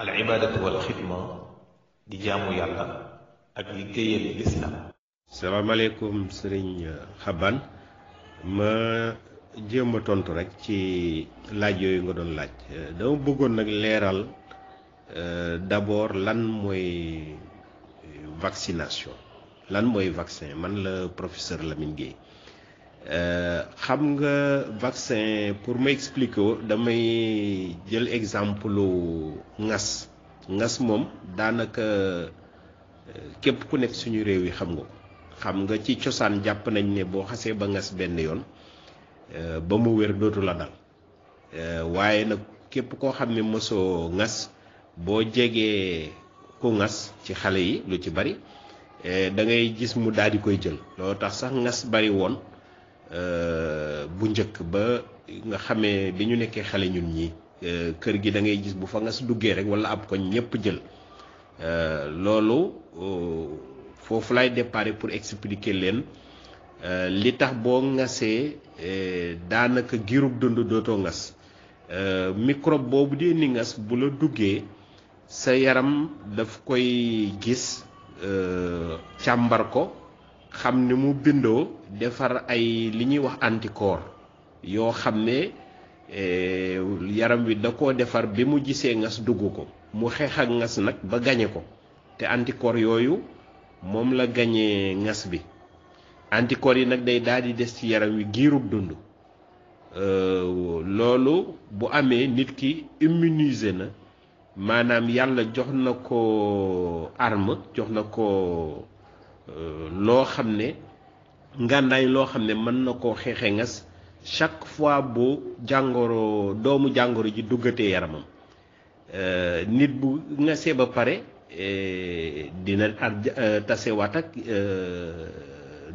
al ibaadatu wal xidma di jaamu yàlla ak liggéeyal lislaam salaamaaleykum sëriñ xaban ma jéem a tontu rek ci laaj yooyu nga doon laaj dama bëggoon nag leeral euh, d'abord lan mooy vaccination lan mooy vaccin man la professeur Lamine Guèye Euh, xam nga vaccin pour ma expliquer ko damay jël exemple lu ngas ngas moom daanaka euh, képp ku nekk suñu réew yi xam nga ko xam nga ci cosaan jàpp nañ ne boo xasee ba ngas benn yoon euh, ba mu wér dootu la dal waaye nag képp koo xam ne mosoo ngas boo jegee ku ngas ci xale yi lu ci bari da ngay gis mu daal di koy jël loo tax sax ngas bari woon Euh, bu njëkk ba nga xamee bi ñu nekkee xale ñun ñi euh, kër gi da ngay gis bu fa nga duggee rek wala ab ko ñëpp jël euh, loolu foofu lay déparé pour expliquer leen li tax boo ngasee daanaka giirub dund dootoo ŋas microbe boobu di ni ngas bu la duggee sa yaram daf koy gis càmbar ko xam ni mu bindoo defar ay li ñuy wax anticorps yoo xam ne eh, yaram wi da ko defar bi mu gisee ngas dugg ko mu xeex ak ngas nag ba gañe ko te anticorps yooyu moom la gañee ngas bi anticorps yi nag day daal di des ci yaram wi giiru dund eh, loolu bu amee nit ki immunisé na maanaam yàlla jox na ko arm jox na ko eh, loo xam ne ngàndaay loo xam ne mën na koo xeexee ngas chaque fois bu jàngoro doomu jàngoro ji duggatee yaramam euh, nit bu ngasee ba pare eh, dina ar euh, tasewaat ak euh,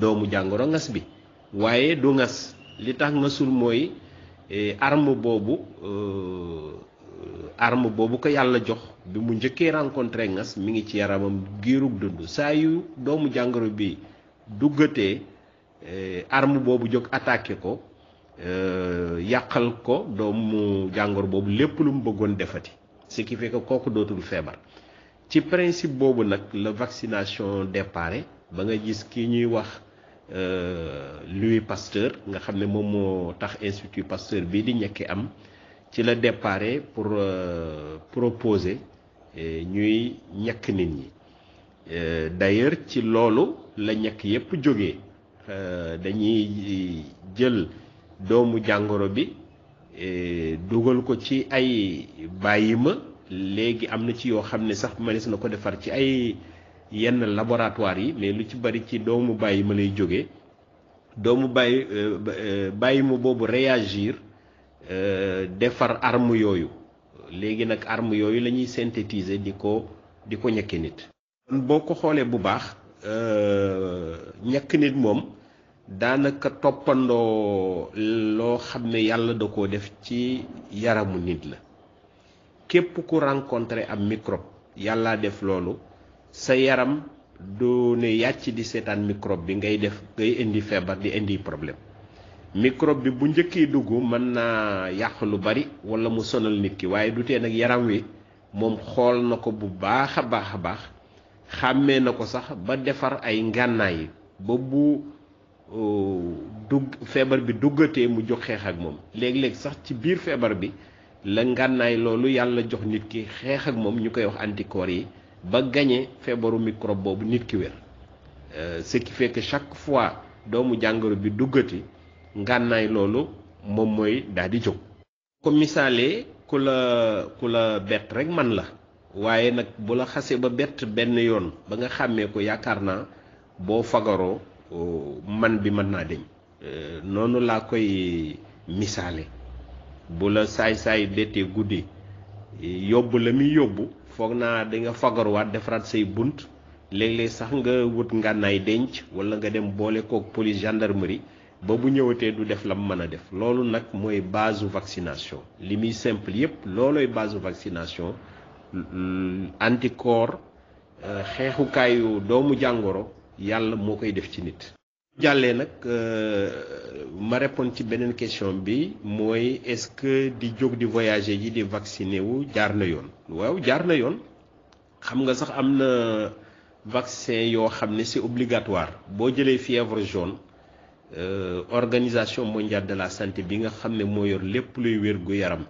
doomu jàngoro ngas bi waaye du ngas li tax ngasul mooy eh, arme boobu arme boobu ko yàlla jox bi mu njëkkee rencontré ngas mu ngi ci yaramam giirug dund saa yu doomu jàngoro bi duggatee Eh, arme boobu jóg attaqué ko eh, yàqal ko doomu jàngoro boobu lépp lu mu bëggoon defati ce qui que kooku dootul feebar ci principe boobu nag la vaccination départ ba nga gis ki ñuy wax eh, Louis Pasteur nga xam ne moom moo tax institut Pasteur bii di ñekki am ci la départ pour proposer ñuy ñekk nit ñi d'ailleurs ci loolu la ñekk yépp jógee Euh, dañuy euh, jël doomu jàngoro bi euh, dugal ko ci ay bàyyi ma léegi am na ci yoo xam ne sax mënees na ko defar ci ay yenn laboratoire yi mais lu ci bari ci doomu bàyyi ma lay jógee doomu bàyyi bàyyi ma boobu réagir defar arme yooyu léegi nag arme yooyu la ñuy synthétiser di ko di ko ñekki nit boo ko xoolee bu baax ñekk nit moom daanaka toppandoo loo xam ne yàlla da koo def ci yaramu nit la képp ku rencontré ab microbe yàlla def loolu sa yaram du ne yàcc di seetaan microbe bi ngay def ngay indi feebar di indi problème microbe bi bu njëkkee dugg mën naa yàq lu bari wala mu sonal nit ki waaye du tee nag yaram wi moom xool na ko bu baax a baax a baax xàmmee na ko sax ba defar ay ngànnaay ba bu Euh, dugg feebar bi duggatee mu jóg xeex ak moom léeg-léeg sax ci biir feebar bi la ngànnaay loolu yàlla jox nit ki xeex ak moom ñu koy wax anticorps yi ba gañee feebaru microbe boobu nit ki wér euh, ce qui fait que chaque fois doomu jàngoro bi duggati ngànnaay loolu moom mooy dal di jóg ko misaalee ku la ku la bett rek man la waaye nag bu la xase ba bett benn yoon ba nga xàmmee ko yaakaar naa boo fagaroo man bi mën naa deñ euh, noonu laa koy misaale bu la saay-saay deetee guddi yóbbu la muy yóbbu foog naa da nga fagaruwaat defaraat say bunt léeg-léeg sax nga wut ngànnaay denc wala nga dem boole kook police gendarmerie ba bu ñëwatee du def la mu mën a def loolu nag mooy base vaccination li muy simple yépp loolooy base vaccination anticorps euh, xeexukaayu doomu jàngoro yàlla moo koy def ci nit jàllee nag euh, ma répondre ci beneen question bi mooy est di jóg di voyager ji di vacciner wu jaar na yoon waaw jaar na yoon xam nga sax am na vaccin yoo xam ne si obligatoire boo jëlee fièvre jaune euh, organisation mondiale de la santé bi nga xam ne moo yor lépp luy wér gu yaram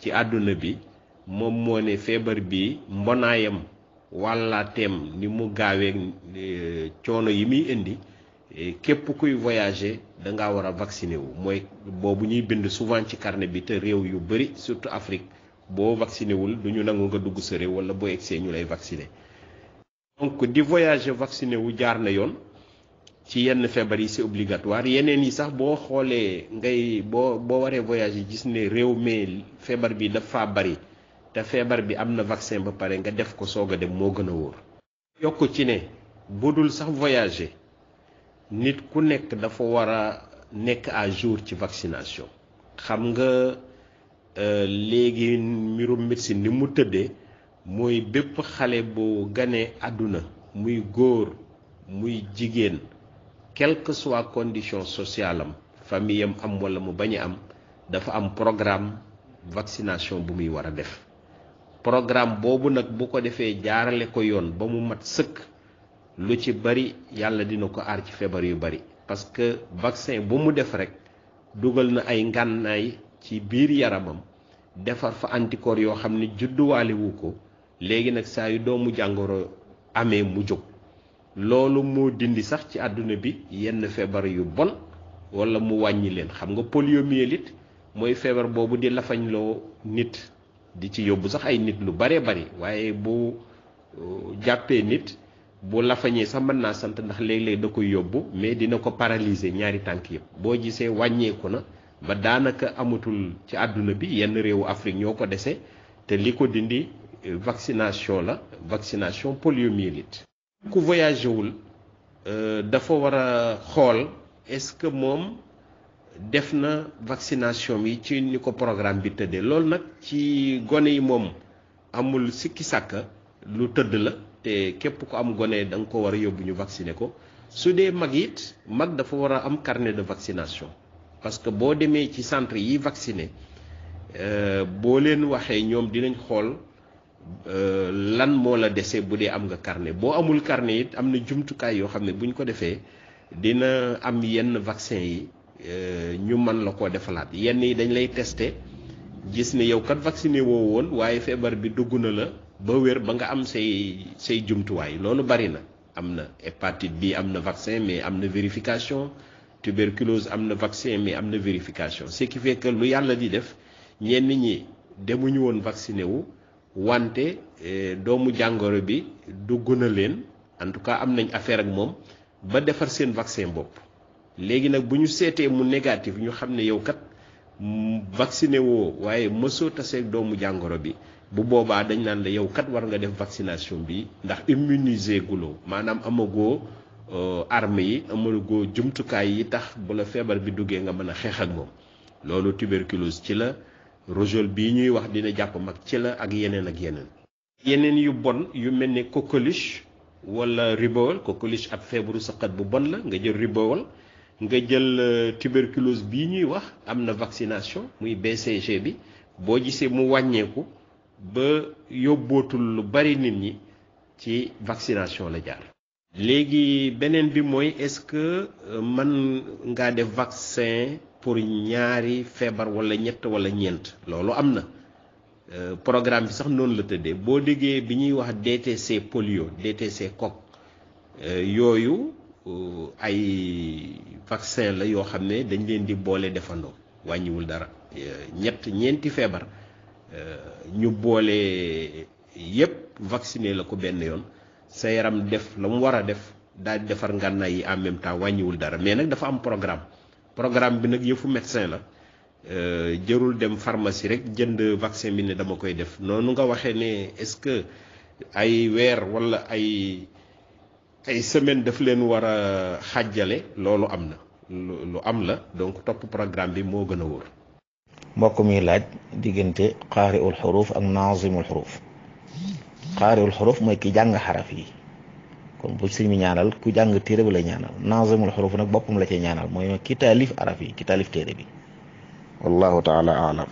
ci àdduna bi moom moo ne feebar bi mbonaayam tem ni mu gaawee eh, coono yi muy indi eh, képp kuy voyager da ngaa war a vacciner wu mooy boobu ñuy bind souvent ci carnet bi te réew yu bëri surtout Afrique boo vacciné wul du ñu nangu nga dugg sa réew wala boo egsee ñu lay vacciner donc di voyager vacciné wu jaar na yoon ci yenn feebar yi c'est obligatoire yeneen yi sax boo xoolee ngay boo boo waree yi gis ne réew mi feebar bi dafa bari te feebar bi am na vaccin ba pare nga def ko soog a dem moo gën a wóor. yokk ci ne bu dul sax voyager nit ku nekk dafa war a nekk à jour ci vaccination. xam nga euh, léegi mbirum médecine ni mu tëddee mooy bépp xale bu ganee àdduna muy góor muy jigéen quelque que soit condition sociale am famille am am walla mu bañ a am dafa am programme vaccination bu muy war a def. programme boobu nag bu ko defee jaarale ko yoon ba mu mat sëkk lu ci bari yàlla dina ko aar ci feebar yu bari parce que vaccin bu mu def rek dugal na ay ngànnaay ci biir yaramam defar fa anticorps yoo xam ne judduwaalewu ko léegi nag saa yu doomu jàngoro amee mu jóg loolu moo dindi sax ci àdduna bi yenn feebar yu bon walla mu wàññi leen xam nga poliomyélite mooy feebar boobu di lafañloo nit di ci yóbbu sax ay nit lu baree bari waaye bu uh, jàppee nit bu lafañee sax mën naa sant ndax léeg-léeg da koy yóbbu mais dina ko paralyser ñaari tànk yëpp boo gisee wàññeeku na ba daanaka amatul ci àdduna bi yenn réewu Afrique ñoo ko desee te li ko dindi uh, vaccination la vaccination poliomyélite. ku voyagé wul uh, dafa war a xool est-ce que moom. def na vaccination bi ci ni ko programme bi tëddee loolu nag ci gone yi moom amul sikki sàkka lu tëdd la te képp ku am gone da nga ko war a yóbbu ñu vacciner ko su dee mag it mag dafa war a am carnet de vaccination parce que boo demee ci centre yi vacciné euh, boo leen waxee ñoom dinañ xool euh, lan moo la dese bu dee am nga carnet boo amul carnet it am na jumtukaay yoo xam ne bu ñu ko defee dina am yenn vaccin yi Euh, ñu mën la koo defalaat yenn yi dañ lay tester gis ne yow kat vacciné woo woon waaye feebar bi dugg na la ba wér ba nga am say say jumtuwaay loolu bari na am na hépatite bi am na vaccin mais am na vérification tuberculose am na vaccin mais am na vérification ce qui fait que lu yàlla di def ñenn ñi demuñu woon vacciné wu wante euh, doomu jàngoro bi dugg na leen en tout cas am nañ affaire ak moom ba defar seen vaccin bopp. léegi nag bu ñu seetee mu négatif ñu xam ne yow kat vacciné woo waaye mësoo taseeg doomu jàngoro bi bu boobaa dañ naan la yow kat war nga def vaccination bi ndax immuniser guloo maanaam amagoo euh, arme yi amagoo jumtukaay yi tax bu la feebar bi duggee nga mën a xeex ak moom loolu tuberculose ci la rougeole bii ñuy wax dina jàpp mag ci la ak yeneen ak yeneen. yu bon yu mel ni coqueluche wala rubéole coqueluche ab feebaru saqat bu bon la nga jël rubéole nga jël euh, tuberculose bii ñuy wax am na vaccination muy BCG bi boo gisee mu wàññeeku ba yóbbootul lu bari nit ñi ci vaccination la jaar. léegi beneen bi mooy est-ce que euh, man ngaa def vaccin pour ñaari feebar walla ñett walla ñeent loolu am na euh, programme bi sax noonu la tëddee boo déggee bi ñuy wax DTC polio DTC kok yooyu. ay vaccin la yoo xam ne dañ leen di boole defandoo wàññiwul dara ñett ñeenti feebar euh, ñu boole yépp vacciné la ko benn yoon sa yaram def la mu war a def daal defar ngànnaay yi en même temps wàññiwul dara mais nag dafa am programme programme bi nag yëfu médecin la euh, jërul dem pharmacie rek jënd vaccin bi ne dama koy def noonu nga waxee ne est-ce que ay weer walla ay ay semaine daf leen war a xàjjale loolu am na lu am la donc topp programme bi moo gën a wóor mbokk mi laaj diggante xaari ul xuruuf ak naazimul xuruuf xaari ul xuruuf mooy ki jàng xaraf yi kon bu sëñ bi ñaanal ku jàng téere bi la ñaanal naazimul xuruuf nag boppam la cee ñaanal mooy ki taalif araf yi ki taalif téere bi wallahu taala alam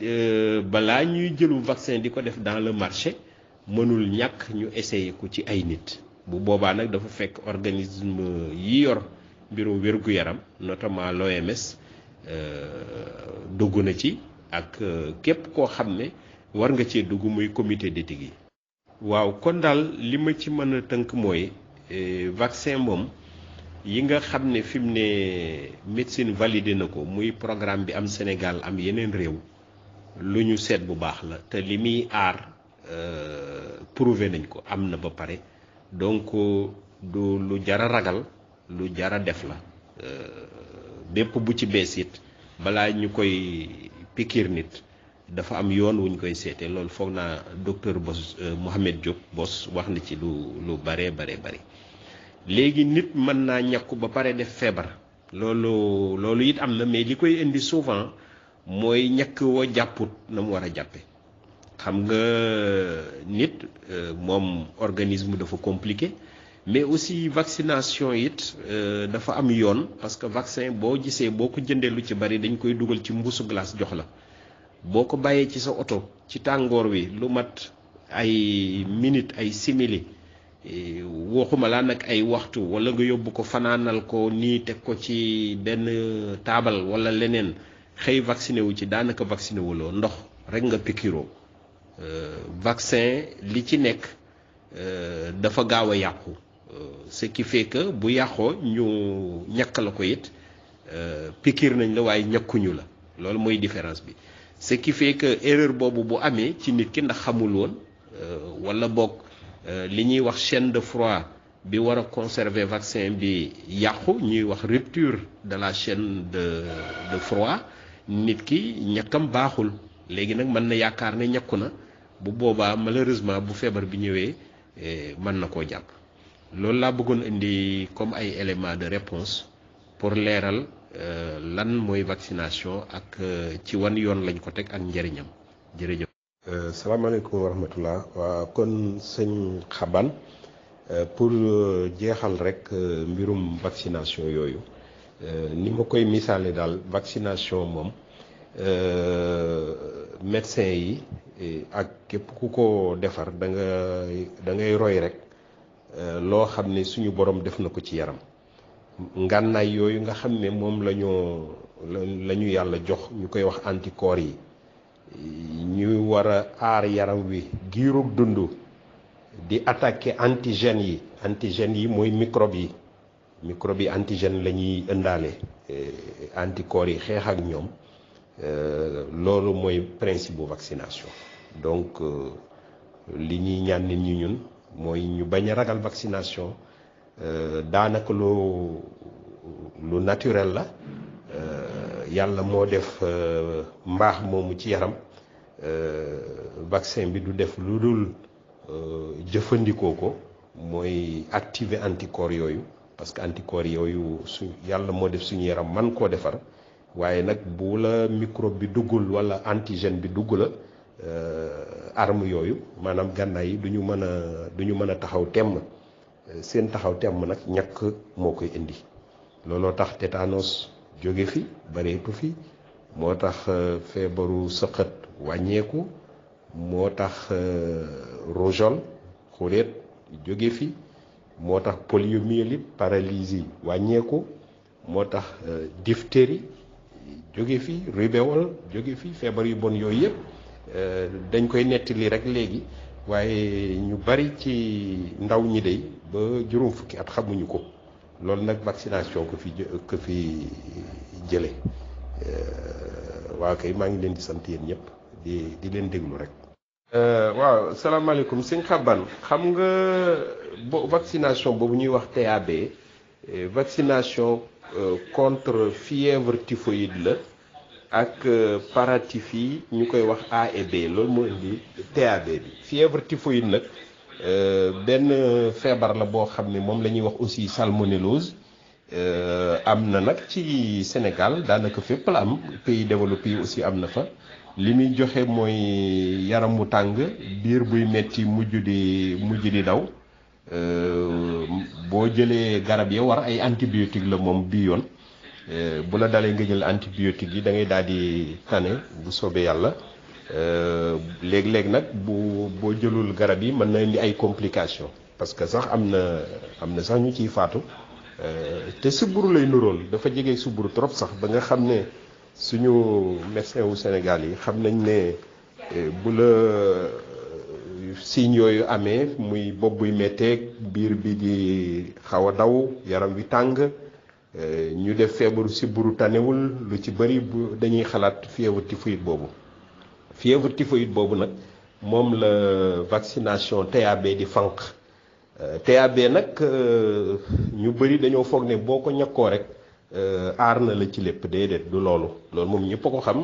euh, balaa ñuy jëlu vaccin di ko def dans le marché mënul ñàkk ñu essayer ko ci ay nit bu boobaa nag dafa fekk organisme yi yor mbirum wér-gu-yaram notamment l'OMS euh, dugg na ci ak euh, képp koo xam ne war nga cee dugg muy comité d'éthique yi waaw kon daal li ma ci mën a tënk mooy euh, vaccin moom yi nga xam ne fi mu ne médecine validé na ko muy programme bi am Sénégal am yeneen réew lu ñu seet bu baax la te li muy aar Euh, prouvé nañ ko am na ba pare donc du lu jar a ragal lu jar a def la euh, bépp bu ci bees it balaa ñu koy pikiir nit dafa am yoon wuñ koy seetee loolu foog naa docteur Bos euh, Mouhamed Diop Bos wax na ci lu lu bare bare bare léegi nit mën naa ñàkku ba pare def feebar loolu loolu it am na mais li koy indi souvent mooy ñàkk woo jàpput na mu war a jàppe xam nga nit euh, moom organisme dafa compliqué mais aussi vaccination it euh, dafa am yoon parce que vaccin boo gisee boo ko jëndee lu ci bari dañ koy dugal ci mbuusu glace jox la boo ko bàyyee ci sa oto ci tàngoor wi lu mat ay minute ay simili euh, waxuma laa nag ay waxtu walla nga yóbbu ko fanaanal ko nii teg ko ci benn taabal wala leneen xëy vacciné wu ci daanaka vacciné wu ndox rek nga pikiroo Euh, vaccin li ci nekk euh, dafa gaaw a yàqu euh, ce qui fait que bu yàqoo ñu ñàkk la ko it pikiir nañ la waaye ñàkkuñu la loolu mooy différence bi ce qui fait que erreur boobu bu amee ci nit ki ndax xamul woon wala boog li ñuy wax chaîne de froid bi war a conserver vaccin bi yàqu ñuy wax rupture de la chaîne de de froid nit ki ñàkkam baaxul léegi nag mën na yaakaar ne ñàkku na bu boobaa malheureusement bu feebar bi ñëwee eh, mën na koo jàpp loolu laa bëggoon indi comme ay éléments de réponse pour leeral euh, lan mooy vaccination ak euh, ci wan yoon lañ ko teg ak njëriñam jërëjëf. Euh, salaamaaleykum wa rahmatullah waa kon sëñ Xaban pour jeexal rek mbirum vaccination yooyu ni ma koy misaale daal vaccination moom médecin yi. Eh, ak képp ku ko defar da nga da ngay roy rek eh, loo xam ne suñu borom def na ko ci yaram ngànnaay yooyu nga xam ne moom la ñoo la ñu yàlla jox ñu koy wax antikoor yi ñu war a aar yaram wi giirug dund di attaquer antigènes yi antigènes yi mooy microbe yi microbe yi antigène la ñuy ëndaale eh, anticorps yi xeex ak ñoom Euh, loolu mooy principe bu vaccination donc euh, li ñuy ñaan nit ñi ñun mooy ñu bañ a ragal vaccination euh, daanaka lu lu naturel la yàlla moo def mbaax moomu ci yaram vaccin bi du def lu dul jëfandikoo ko mooy activer anticorps yooyu parce que anticorps yooyu su yàlla moo def suñu yaram man koo defar waaye nag bu la microbe bi duggul wala antigène bi dugg la euh, arme yooyu maanaam gànnaay yi duñu mën a duñu mën a taxaw temm euh, seen taxaw temm nag ñàkk moo koy indi looloo tax tétanos jóge fi bareetu fi moo tax euh, feebaru sëqat wàññeeku moo tax rougeole xureet jóge fi moo tax poliomyélite paralysie wàññeeku moo tax diphtérie jóge fi rubéole jóge fi feebar yu bon yooyu yëpp euh, dañ koy nettali rek léegi waaye ñu bari ci ndaw ñi de ba juróom fukki at xamuñu ko loolu nag vaccination ko fi jële euh, waaw kay maa ngi leen di sant yéen ñëpp di di leen déglu rek. Euh, waaw salaamaaleykum sëñ Xaban xam nga bo vaccination boobu ñuy wax TAB vaccination. Euh, contre fièvre typhoïde la ak euh, paratyphie ñu koy wax A et B loolu moo indi TAB bi fièvre typhoïde nag euh, benn feebar la boo xam ni moom la ñuy wax aussi salmonellose am na nag ci Sénégal daanaka fépp la am pays développé yi aussi am na fa li muy joxe mooy yaram mu tàng biir buy metti mujj di mujj di daw Euh, boo jëlee garab yi war ay antibiotique la moom bii yoon euh, bu la dalee nga jël antibiotique yi da ngay daal di tane bu soobee yàlla euh, léeg-léeg nag bu boo jëlul garab yi mën na indi ay complications parce que sax am na am na sax ñu ciy faatu te sibbiru lay nurool dafa jege sibbiru trop sax ba nga xam ne suñu médecin wu Sénégal yi xam nañ ne bu la. signes yooyu amee muy bopp buy métteeg biir bi di xaw a daw yaram wi tàng eh, ñu def feebaru sibbiru tanewul lu ci bëri dañuy xalaat fièvre typhoïde boobu fièvre typhoïde boobu nag moom la vaccination TAB di fànq eh, TAB nag eh, ñu bëri dañoo foog ne boo ko ñakkoo rek aar na la ci lépp déedéet du loolu loolu moom ñëpp a ko xam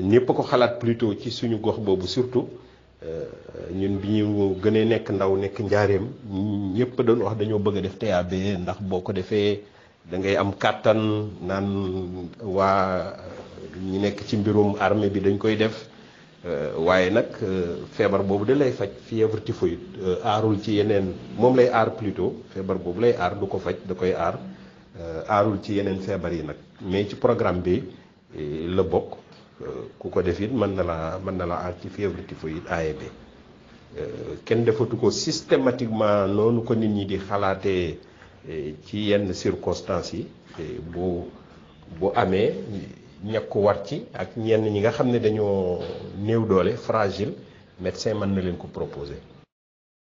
ñëpp a ko xalaat plutôt ci suñu gox boobu surtout Euh, ñun bi ñu gën a nekk ndaw nekk njaareem ñëpp doon wax dañoo bëgg a def TAB ndax boo ko defee da ngay am kàttan naan waa ñu nekk ci mbirum arme bi dañ koy def euh, waaye nag euh, feebar boobu da lay faj fièvre typhoïde aarul ci yeneen moom lay aar plutôt feebar boobu lay aar du ko faj da koy aar aarul ci yeneen feebar yi nag mais ci programme bi la bokk Euh, ku ko def it mën na laa mën na la aar ci fièvre typhoïde AEB euh, kenn defatu ko systématiquement noonu ko nit ñi di xalaatee eh, ci yenn circonstances yi eh, bu bu amee ñàkk war ci ak ñenn ñi nga xam ne dañoo néew doole fragile médecin mën na leen ko proposer